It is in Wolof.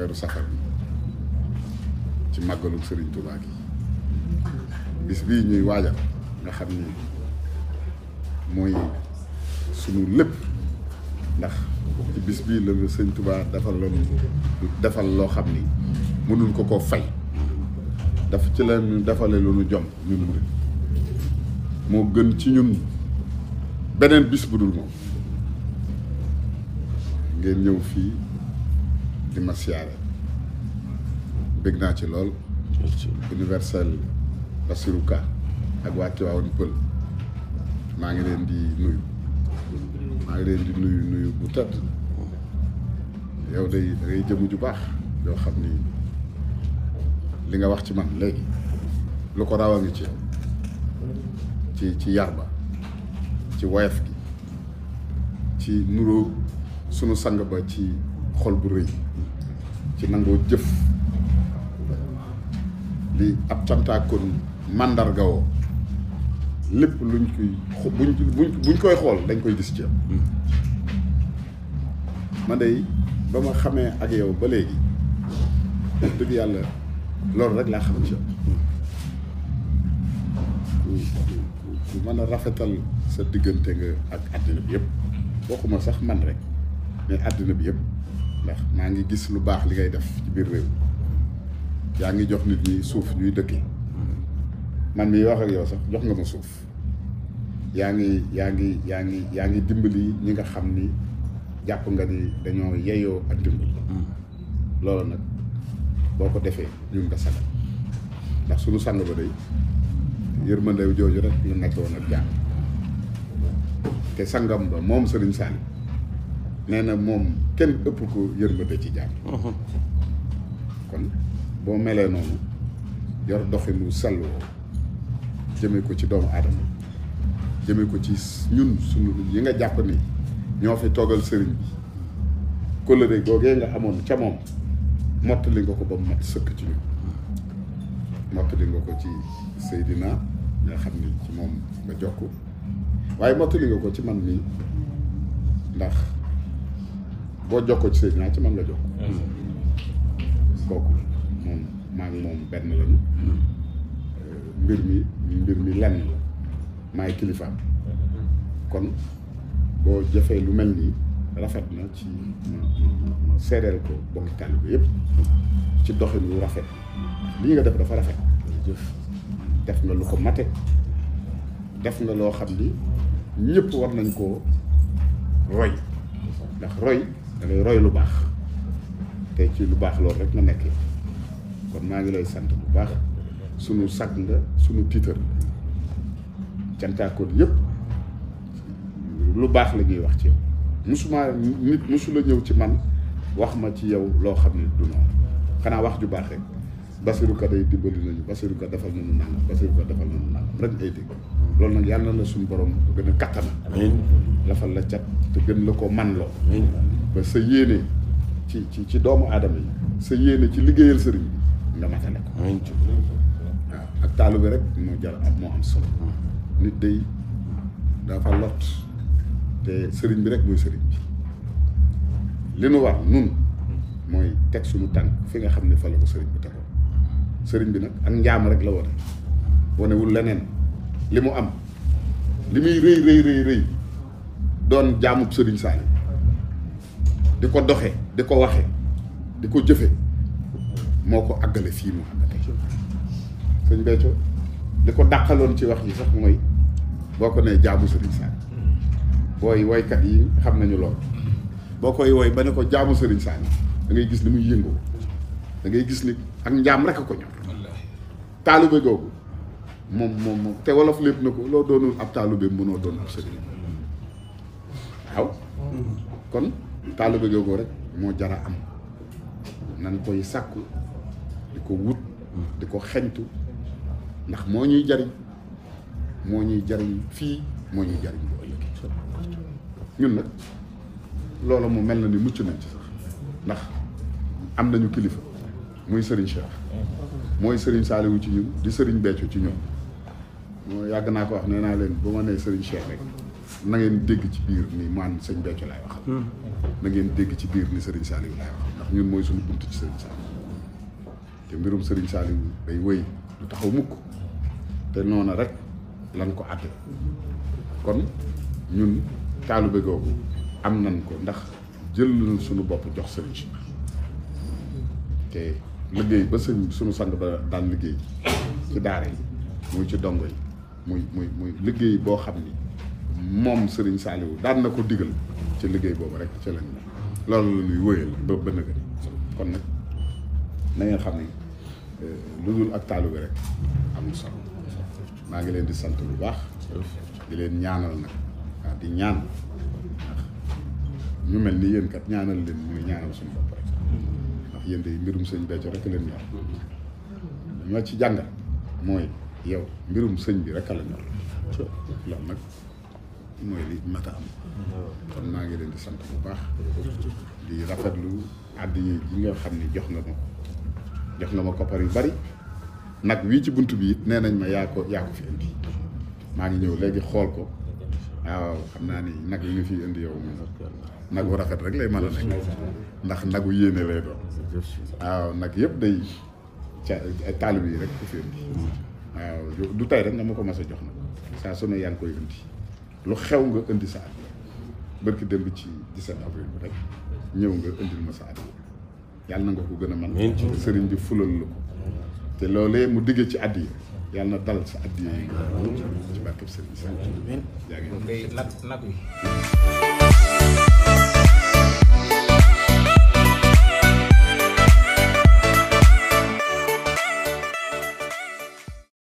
weeru safar bi ci màggalu Sëriñ Tuubaa gi bis bi ñuy waajal nga xamni moy suñu lepp lépp ndax ci bis bi le Sëriñ Tuubaa defal la defal loo xam ni mënuñ ko koo fay daf ci la ñu defale lu nu jom ñu murid mo gën ci ñun benen bis budul dul ngeen ñew fii di ma siyaare naa ci lool universel Bassirou Ka ak waa Tivaouane Pël maa ngi leen di nuyu maa ngi leen di nuyu nuyu bu tëdd yow day da jëmm ju baax yoo xam ni li nga wax ci man léegi lu ko raw a ngi ci ci ci yar ba ci woyof gi ci nuroo sunu sang ba ci xol bu rëy ci nangoo jëf li ab cantaakon màndargawoo lépp luñ koy buñ buñ koy xool dañ koy gis ci de day ba ma xamee ak yow ba léegi dëgg yàlla loolu rek laa xam ci yow ku mën a rafetal sa diggante nga ak àddina bi yëpp waxuma sax man rek mais àddina bi yëpp ndax ma ngi gis lu bax li ngay def ci bir rew ya ngi jox nit ñi suuf ñuy man mi wax ak yow sax jox nga ma suuf ya ngi ya ngi ya ngi ya ngi dimbali ñi nga xam ni japp nga ni dañoo yeyoo ak dimbali loolu nag boo ko defee ñun nga sagal ndax suñu sang ba day yërmandew jooju rek ñu nekkoon ak jàng te sangam ba moom Serigne Saliou nee na moom kenn ëpp ko yërmande ci jàmm mhm. kon boo melee noonu yor doxinu sàlloo jëmee ko ci doomu aadama jëmee ko ci ñun sunu yi nga jàpp ni ñoo fi toogal sëriñ bi kóllëre googee nga amoon ca moom mottali nga ko ba mat sëkk ci ñun mottali nga ko ci Seydina nga xam ni ci moom nga jokk waaye mottali nga ko ci man nii ndax boo jox ko ci naa ci man nga jokk kooku moom maa ngi moom benn lañu mbir mi mbir mi lenn la maay kilifaam kon boo jëfee lu mel nii rafet na ci ma seedeel ko bokki taalibe yëpp ci doxin rafet lii nga def dafa rafet def nga lu ko mate def nga loo xam ni ñëpp war nañ koo roy ndax roy da roy lu baax te ci lu baax loolu rek nga nekkee kon maa ngi lay sant bu baax sunu sag nga sunu tiitar cantaakoon yëpp lu baax la ñuy wax ci yow musuma nit musula ñëw ci man wax ma ci yow loo xam ne du noonu xanaa wax ju baax rek Basirou Ka day dimbali nañu Basirou Ka defal nañu nangam Basirou Ka defal nañu rek ngay dégg loolu nag yàlla na la suñu borom gën a kattana. amiin la cat te gën la ko man loo. ba sa yéene ci ci ci doomu aadama yi sa yéene ci liggéeyal sëriñ bi nga matale ko waaw ak taalu bi rek moo jar am moo am solo nit day dafa lot te sëriñ bi rek mooy sëriñ bi li nu wax nun mooy teg suñu tànk fi nga xam ni fa la ko sëriñ bi tegoon sëriñ bi nag ak njaam rek la wane wanewul leneen li mu am li muy rëy rëy rëy doon jaamub sëriñ Saliou di ko doxe di ko waxee di ko jëfe moo ko àggale fii mu àggale sëñ Béthio li ko dàqaloon ci wax yi sax mooy boo ko nee jaamu sëriñ Saliou booy woykat yi xam nañu lool boo koy woy ba ne ko jaamu sëriñ Saliou da ngay gis ni muy yëngoo da ngay gis ni ak njaam rek a ko ñor taalibe googu moom moom moom te wolof lépp na ko loo doonul ab taalibe mënoo doon ab sëriñ waaw mm-hmm. kon bi googu rek moo jara am nan koy sàkku di ko wut di ko xeñtu ndax moo ñuy jariñ moo ñuy jariñ fii moo ñuy jariñ bu ëllëgee ñun nag loolu mu mel na ni mucc nañ ci sax ndax am nañu kilifa muy Serigne Cheikh mooy Serigne Saliou ci ñun di Serigne Béthio ci ñoom moo yàgg naa ko wax nee naa leen bu ma nee Serigne Cheikh rek nangeen dégg ci biir ni maan sëñ Béthio laay wax na ngeen dégg ci biir ni sëriñ hmm. Saliou laay wax ndax ñun mooy suñu bunt ci Serigne Saliou te mbirum sëriñ Saliou day wëy du taxaw mukk te noona rek lan ko àtte kon ñun taalube googu am nan ko ndax jël nañu suñu bopp jox sëriñ si te liggéey ba sëñ suñu sang ba daan liggéey ci daara yi muy ci dongo yi muy muy muy liggéey boo xam ni moom Serigne Saliou daan na ko digal ci liggéey boobu rek ci lañ loolu la ñuy wóyal ba bëgg na kon nag na ngeen xam ne euh, lu dul ak taalu bi rek am na maa ngi leen di sant bu baax di leen ñaanal nag waaw di ñaan ndax mel ni yéen kat ñaanal leen muy ñaanal suñu bopp rek ndax yéen de mbirum sëñ Béthio rek leen ñor li ci jàngal mooy yow mbirum sëñ bi rek la ñor nag. mooy li mat a am kon maa ngi leen di sant bu baax di lu àddina ji nga xam ni jox na ma jox na ma koppar yu bari nag wii ci bunt bi it nee nañ ma yaa ko yaa ko fi indi maa ngi ñëw léegi xool ko waaw xam naa ni nag yi nga fi indi yow moom nagu rafet rek lay mën a nekk ndax nagu yéene lay doon nag yëpp day ca taalib yi rek ku fi indi waaw du tey rek nga ma ko mas jox na saa su ne yaa koy indi lu xew nga indi sa àddiya barki démb ci 17 avril bi rek ñëw nga indil ma sa àddiya yàlla na nga ko gën a man sëriñ bi fulal la ko te loolee mu diggee ci àddiya yàlla na dal sa àddiya yi nga ci barkeb sëriñ sa jaa ngi